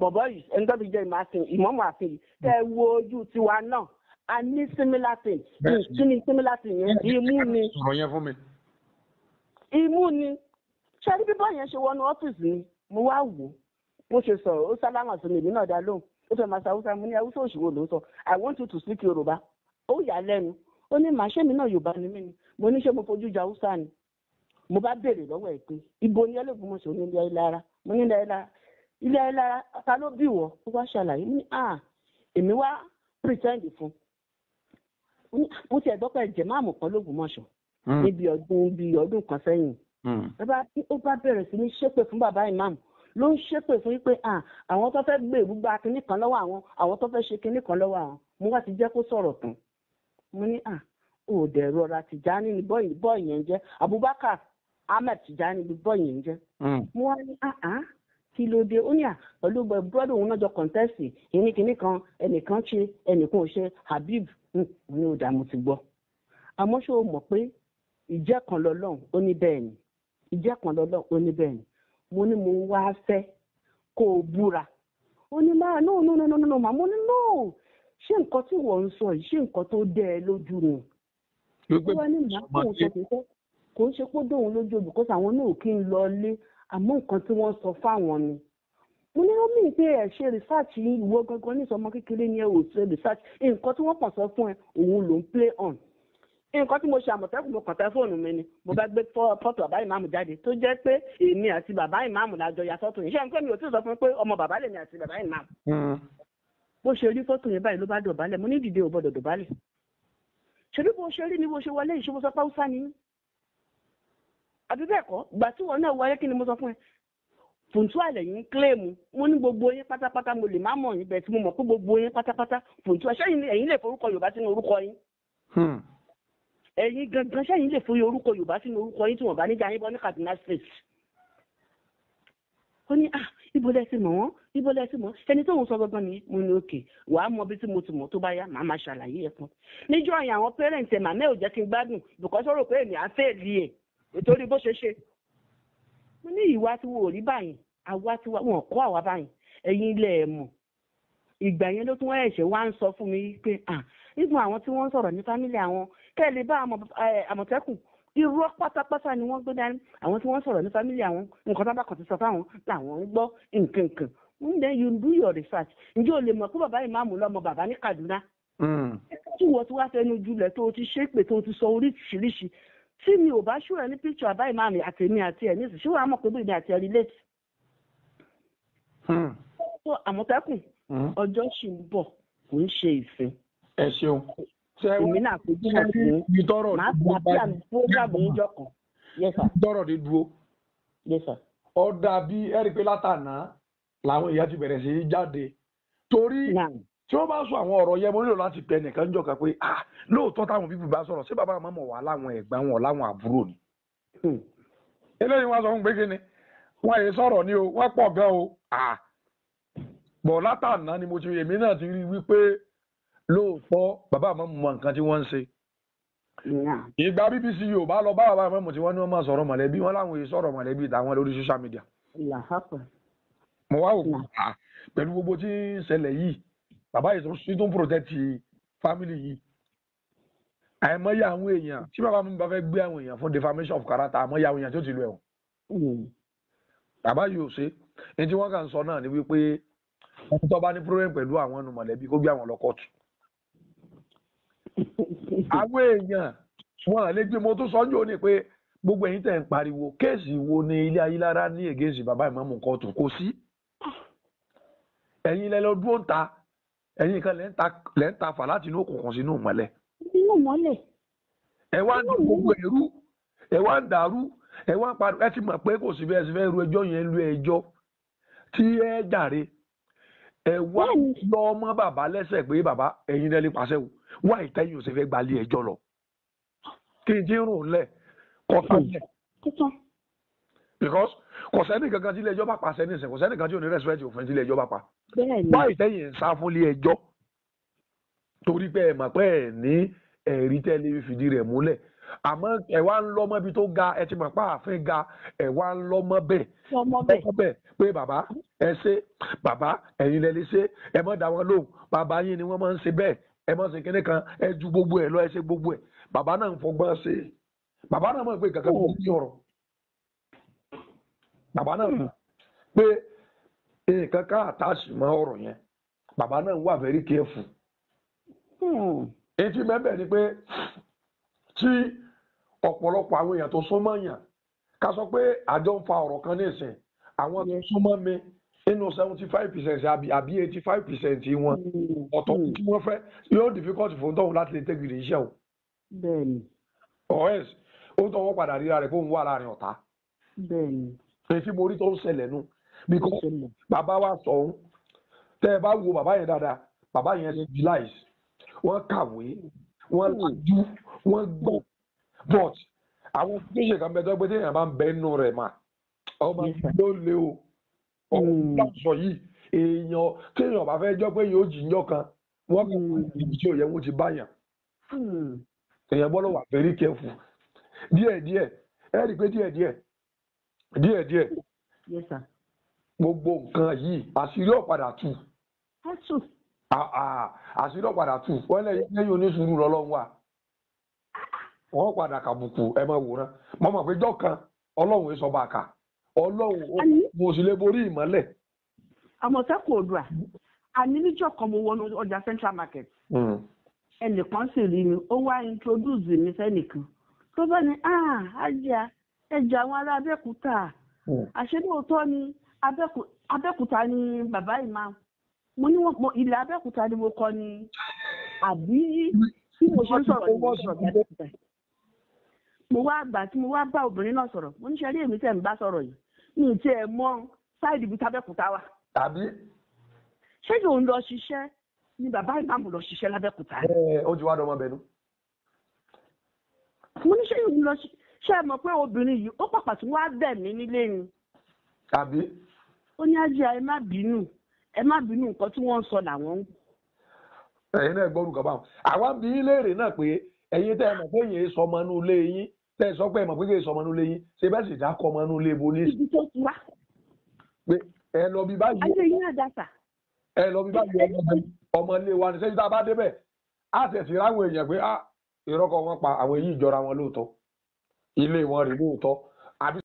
bọ̀bọ̀ yìí ẹni tó jẹ́ ìmọ̀ọ́mọ̀ àfin yìí tẹ́ hmm. ẹ wo ojú tiwa náà a ní similar thing hmm, kí ni similar thing yẹn imú ni imú ni ṣé bíbọ̀ yẹn ṣe wọnú ọ́fíìsì ni mo wá wò ó ṣe sọ̀rọ̀ ó sálámà sí mi èmi náà dá lóhùn ó fẹ́ máa sa mo ní haúsá òṣìwò ló sọ i want you to speak yorùbá ó yà lẹ́nu ó ní màá ṣẹ́mi náà yorùbá ni mí ni mo ní ṣé mo fojú ja haúsá ni mo bá béèrè lọ́wọ́ ẹ̀ pé ibo ni ẹlẹ́gbọ̀n mo ṣe ò ní lára mo ní ilé lára ilé ayé lára ta ló bí wọ ó wá ṣàlàyé ní à èmi wá pretend fún mo ti ẹ̀gbọ́ pé ẹ̀jẹ̀ máàmù kan lóògùnmọ̀ṣọ́ hmm. níbi ọdún bíi ọdún kan sẹ́yìn hmm. ó bá bẹ̀rẹ̀ sí ní ṣépè fún bàbá ìmáàmù ló ń ṣépè fún wípé àwọn tó fẹ́ gbé ìrúgba kinní kan lọ́wọ́ àwọn àwọn tó fẹ́ ṣe kinní kan lọ́wọ́ àwọn mo wá ti jẹ́ kó sọ̀rọ̀ tán mo ní à ò dẹ̀ rọra Tìjání ni bọ́ọ̀ yẹn jẹ́ Abubakar Ahmed Tìjání ni bọ́ọ̀ yẹn jẹ́ hmm. mo wá ní àá kí ló dé ó ní à pẹ̀lú búrọ́dù òun náà jọ kọ̀ǹtẹ́sì ìní kìíní kan ẹnìkan ṣe ẹnìkan ò ṣe Habib hmm, ní ó dààmú ti gbọ́ àmọ́ ṣé o mọ̀ pé ìjẹ́ kan lọ́lọ́run ó ní bẹ́ẹ̀ ni ìjẹ́ lọ́lọ́run ó ní bẹ́ẹ̀ ni mo ní mo wá fẹ́ kó o búra ó ní láà no no no no no màmú ní no ṣé nǹkan tí wọ́n ń sọ yìí ṣé nǹkan tó dẹ́ ẹ lójú ni ó wá ní màá kó o sọ àmọ́ nǹkan tí wọ́n sọ fáwọn ni mo ní omi pé ẹ ṣe research ìwọ gangan ní ìsọmọ kékeré ni ẹ ò ṣe research nǹkan tí wọ́n kàn sọ fún ẹ òun ló ń play on nǹkan tí mo ṣe àmọ̀tẹ́kùn mo kàn tẹ́fóònù mi ni mo bá gbé fọ́tò bàbá ìmáàmù jáde tó jẹ́ pé èmi àti bàbá ìmáàmù lájọ yà sọ́tò yìí ṣé nǹkan mi ò tí ì sọ fún pé ọmọ bàbá lèmi àti bàbá ìmáàmù. Hmm. bó ṣe rí fọ́tò yẹn báyìí ló bá dọ̀bálẹ̀ mo ní dìde ò gbọ́dọ̀ dọ̀bálẹ̀ ṣèlú bó ṣe rí ni bó ṣe wọlé ìṣòwò sọpá húsá ni àbí bẹ́ẹ̀ kọ́ gbà tí wọn náà wọlé kí ni mo sọ fún ẹ punctual lẹ́yìn kílẹ̀mù mo ní gbogbo yín pátápátá mo lè má mọ̀ yín bẹ́ẹ̀ tí mo mọ̀ pé gbogbo yín pátápátá punctual ṣẹ́yìn ẹ̀yin lè forúkọ yorùbá sínú orúkọ yín hmm. ẹ̀yin gangan ṣẹ́yìn lè fi orúkọ yorùbá sínú orúkọ yín tí wọ́n bá níjà yín bọ́ ní Kaduna state ó ní ah ibo lẹ ti mọ̀ wọ́n ibo lẹ ti mọ̀ ẹni tó ń sọ gbọ́ngàn ni mo ní òkè wàá mọ bí tí mo ti mọ̀ tó bá yá màá máa ṣàlàyé ẹ̀ fún níjọ́ yẹn àwọn pẹ́rẹ́ǹtì ẹ̀ màmá ẹ̀ ò jẹ́ kí n gbádùn bùkọ́sọ́rò pé èmi á fẹ́ẹ̀ lé ẹ̀ nítorí bó ṣe ṣe mo ní ìwà tí wọn ò rí báyìí àwa tí wọn kọ́ àwa báyìí ẹ̀yin ilẹ̀ ẹ̀ mọ̀ ìgbà yẹn ló tún wọ́n ẹ̀ṣẹ̀ wá ń sọ fún mi pé ìgbọ̀n àwọn tí wọ́n ń sọ̀rọ̀ ní fámílì àwọn kẹ́lẹ́ bá àmọ̀tẹ́kùn irọ́ pátápátá ni wọ́n gbé dání àwọn tí wọ́n sọ̀rọ̀ ní fámílì àwọn nǹkan tó bá kàn ti sọ fáwọn làwọn ń gbọ́ nǹkan nǹkan then you do your research ǹjẹ́ o lè mọ̀ pé bàbá ìmáàmù lọ́mọ bàbá ní Kaduna tí hmm. wọ́n ti wá fẹnu julẹ̀ tó o ti ṣépè tó o ti sọ oríṣiríṣi tí mi ò bá ṣú ẹ ní píṣọ àbá ìmáàmì àtẹmí àti ẹ nísìsiyí wàá mọ̀ pé bíi mi àti ẹ relate. fún hmm. àmọ̀tẹ́kùn hmm. ọjọ́ ṣì ń bọ̀ kò ń ṣe ìfẹ́. ẹ ṣeun. èmi náà kò bí wọn fún màá fún àbíyá mi fún ìjàmbá oúnjẹ kan. dọ́rọ̀ de dúró. ọ̀dà bíi ẹ̀rí pé látànà làwọn èèyàn ti bẹ̀rẹ̀ sí í jáde torí tí wọ́n bá sọ àwọn ọ̀rọ̀ yẹn mo nílò láti pẹ nìkan jọ̀ka pé ah lóòótọ́ táwọn bíbí bá sọ̀rọ̀ sí bàbá àmọ́ wà láwọn ẹ̀gbọ́n wọn láwọn àbúrò ni. Hmm. eléyìí wọn sọ fún pé kíni wọn ni o wọ́n gan o ah bọ látàná ni mo ti èmi náà ti rí wípé lóòótọ́ bàbá àmọ́ mọ nǹkan tí wọn ń ṣe. ìgbà BBC Yorùbá lọ bá bàbá àmọ́ tí ní wọ́n máa wọn láwọn èyí sọ̀rọ̀ mọ̀lẹ́bí tàwọn lórí social media. mo wá òkú gbogbo tí ń ṣẹlẹ̀ bàbá yìí tó ń protect family yìí àìmọye àwọn èèyàn tí bàbá mi bá fẹ́ gbé àwọn èèyàn fún defamation of character àìmọye àwọn èèyàn tó ti lu ẹ̀wọ̀n hmm. bàbá yìí ò ṣe ní tí wọ́n kàn sọ náà ni wípé ẹni tó bá ní problem pẹ̀lú àwọn ẹnu mọ̀lẹ́bí kó gbé àwọn lọ kóòtù àwọn èèyàn wọn lè gbé mo tún sọ jù ó ní pé gbogbo ẹ̀yin tẹ́ ń pariwo kéèsì wo ni ilé ayélujára ní ègéèsì bàbá ìmọ̀mù kóòtù kò sí ẹ̀yin lẹ lọ dúró ń ta ẹ̀yin kan lẹ́ ń ta lẹ́ ń ta fà láti inú òkùnkùn sínú mọ́lẹ̀. inú mọ́lẹ̀. ẹ wá ń gbogbo ẹrú ẹ wá ń dàrú ẹ wá ń parọ́ ẹ ti mọ̀ pé kò sí bẹ́ẹ̀ sí fẹ́ ru ẹjọ́ yẹn lu ẹjọ́ tí ẹ jàre ẹ wá lọ ọmọ bàbá lẹ́sẹ̀ pé bàbá ẹ̀yin lẹ́lẹ́ pàṣẹ wò wá ìtẹ́yìn ò sì fẹ́ gbalé ẹjọ́ lọ kí n ti rùn lẹ̀ kọ́sà lẹ̀ because kò sẹ́ni kankan tí ilé ẹjọ́ bá pa sẹ́ni sẹ́ kò sẹ́ni kankan tí ò ní respect òfin tí ilé ẹjọ́ bá pa. báyìí tẹ́yìn ń sá fún ilé ẹjọ́ torí pé ẹ̀ mọ̀ pé ẹ̀ ní ẹ̀rí tẹ́lẹ̀ fìdí rẹ̀ múlẹ̀ àmọ́ ẹ wá ń lọ́mọ ibi tó ga ẹ ti mọ̀ pé àfin ga ẹ wá ń lọ́mọ bẹ́ẹ̀ ọkọ bẹ́ẹ̀ pé bàbá ẹ ṣe bàbá ẹ̀yin lẹ ṣe ẹ mọ̀ dá wọn lóhùn bàbá yín ni wọ́n máa ń ṣe bẹ́ẹ̀ ẹ mọ̀ ṣe kíní kan ẹ ju gbogbo ẹ lọ ẹ ṣe gbogbo ẹ bàbá náà ń fọgbọ́n ṣe bàbá náà mọ̀ pé kankan kò ní ọ̀rọ̀ bàbá náà mọ̀ pé nǹkan ká àtàṣì mọ́ ọ̀rọ̀ yẹn bàbá náà wà very careful. etí hmm. mẹ́bẹ̀ ni pé tí ọ̀pọ̀lọpọ̀ àwọn èèyàn tó súnmọ́ yàn ká sọ pé àjọ ń fa ọ̀rọ̀ kan nísìn àwọn tó súnmọ́ mi nínú seventy five percent àbí eighty five percent wọn hmm. ọ̀tọ̀ tí hmm. wọ́n fẹ́ yóò difficult fún tóun láti lè tẹ́gìrì iṣẹ́ o. bẹ́ẹ̀ni. ọ̀ẹ́sì ó tọwọ́ padà ríra rẹ̀ kó ń wà láàrin ọ̀tá. bẹ́ẹ̀ni èsì mo rí tó ń ṣẹlẹ̀ nù because bàbá wa sọ ọ́n tẹ́ ẹ bá wo bàbá yẹn dáadáa bàbá yẹn civilize wọ́n kàwé wọ́n hmm. lajú wọ́n gbọ́ but àwọn fúnṣe kan bẹ́ẹ̀ tó gbé téèyàn bá ń bẹ nù rẹ̀ mà ọmọ ló lé o ọmọ náà hmm. sọ yìí èèyàn téèyàn bá fẹ́ jọ pé yóò jìyàn kan wọ́n kò hmm. ibi tí òye wọn ti báyàn èèyàn gbọ́dọ̀ wà very careful díẹ̀díẹ̀ ẹ rí i pé díẹ̀díẹ̀ díẹ̀díẹ̀ yes gbogbo nǹkan yìí àṣírí ọ̀padà tù àṣírí ọ̀padà tù oníṣùúrù padà kàbùkù ẹ máa wòran mo mọ̀ pé jọ́kan ọlọ́run ẹ sọ bá a kà ọlọ́run mo sì lè borí ìmọ́lẹ̀. wọnú ọjà central market hmm. ẹnìkan sì rí mi ó wá introduce mi sẹ́nìkan tó ah, ẹjà àwọn ará abẹ́òkúta àṣẹ lóòótọ́ ni abẹ́òkúta ni bàbá ìmá mo ní wọn ilẹ̀ abẹ́òkúta ni mo kọ ni àbí tí mo ṣe sọ̀rọ̀ ni mo sọ̀rọ̀ abẹ́òkúta mo wá gbà tí mo wá bá obìnrin náà sọ̀rọ̀ mo ní ṣe rí èmi tẹ̀ ń bá sọ̀rọ̀ yìí mi ì tiẹ̀ mọ sáìdì ibi tábẹ́òkúta wa. tàbí. ṣé yóò ń lọ ṣiṣẹ́ ni bàbá ìmáàmù lọ ṣiṣẹ́ lábẹ́òkúta. ẹ ẹ ó ti wá dọmọ bẹnu. mo ní ṣé yóò ń lọ ṣiṣẹ́ ṣé ẹ mọ̀ pé obìnrin yìí ó pàpà tí wọ́n á bẹ̀ mí nílé ni. tàbí. ó ní ajé ẹ má bínú ẹ má bínú nǹkan tí wọ́n ń sọ làwọn ń. ẹ̀yin náà gbọ́dọ̀ kọ́ bá wọn àwa bí léèrè náà pé ẹ̀yin tẹ́ ẹ mọ̀ pé èyí sọ ọmọ inú ilé yín tẹ́ ẹ sọ pé ẹ mọ̀ pé èyí sọ ọmọ inú ilé yín ṣe bẹ́ẹ̀ sì ọmọ inú ilé ibi tó ti wá. pé wa a ilé wọn rèé lóòótọ́ àbí